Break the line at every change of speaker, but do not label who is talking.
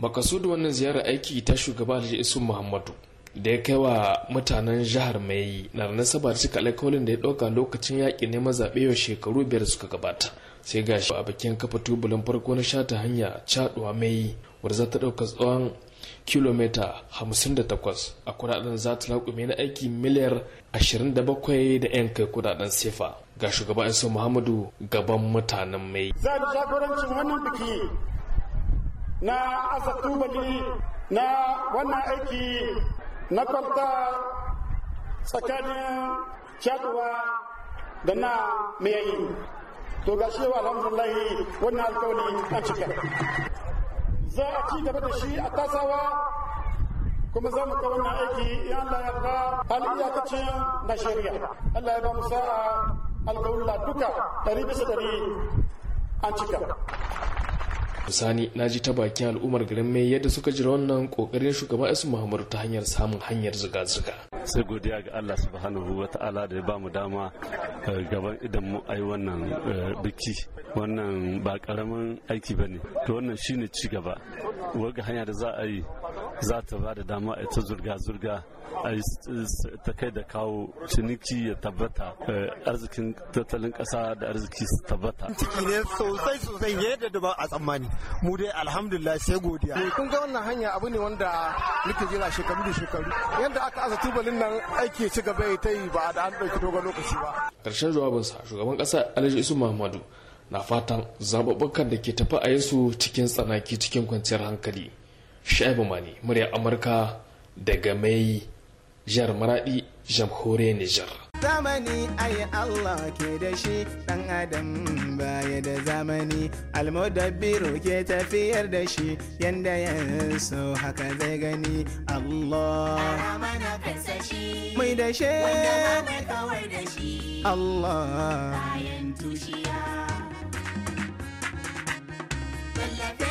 da wannan ziyarar aiki ta shugaba alhaji isu muhammadu da ya kai wa mutanen jihar mai na nasaba da cika alkawalin da ya ɗauka lokacin yaƙi neman zaɓe yau shekaru biyar suka gabata sai ga shi a bikin kafa tubulin farko na ta hanya caɗuwa mai wadda za ta ɗauka tsawon kilomita 58 a kudaden za ta laƙume na aiki miliyar 27 da 'yan kai kudaden sefa ga shugaba isu muhammadu gaban mutanen mai. za
jagorancin wannan biki na asa tubali na wannan aiki na kwamta tsakanin shaduwa da na mayayi to ga shi alhamdulillahi wannan alkawali an cika za a ci gaba da shi a tasawa kuma za mu ka wannan aiki in Allah ya ba ta ce na shari'a Allah ya ba mu sa'a duka 100% bisa an cika
Sani na ji ta bakin al'ummar garin mai yadda suka jira wannan kokarin shugaba Isu Muhammadu ta hanyar samun hanyar zuga-zuga. Sai godiya
ga Allah subhanahu wa ta'ala da ya ba mu dama eh, gaban idan mu ai wannan eh, biki wannan ba karamin aiki ba ne. To wannan shine ci gaba. Waga hanya da za a yi za ta ba da dama a ta zurga-zurga a ta kai da kawo ciniki ya tabbata eh, arzikin tattalin ƙasa da arziki su tabbata. Ciki
ne sosai sosai yadda da ba a tsammani mu dai alhamdulillah sai godiya. Eh, kun ga wannan hanya abu ne wanda muke jira shekaru da shekaru yadda aka aza tubalin nan aiki ci gaba ya ta yi ba da an ɗauki dogon lokaci ba.
Ƙarshen jawabinsa shugaban ƙasa Alhaji Isu Muhammadu na fatan zaɓuɓɓukan da ke tafi a yasu cikin tsanaki cikin kwanciyar hankali. shaibu mani murya amurka daga mai jihar maradi jamhuriyar nijar
zamani ai Allah ke da shi dan adam baya da zamani almudabbiru ke tafiyar da shi yanda ya so haka zai gani Allah mai da shi Allah bayan tushiya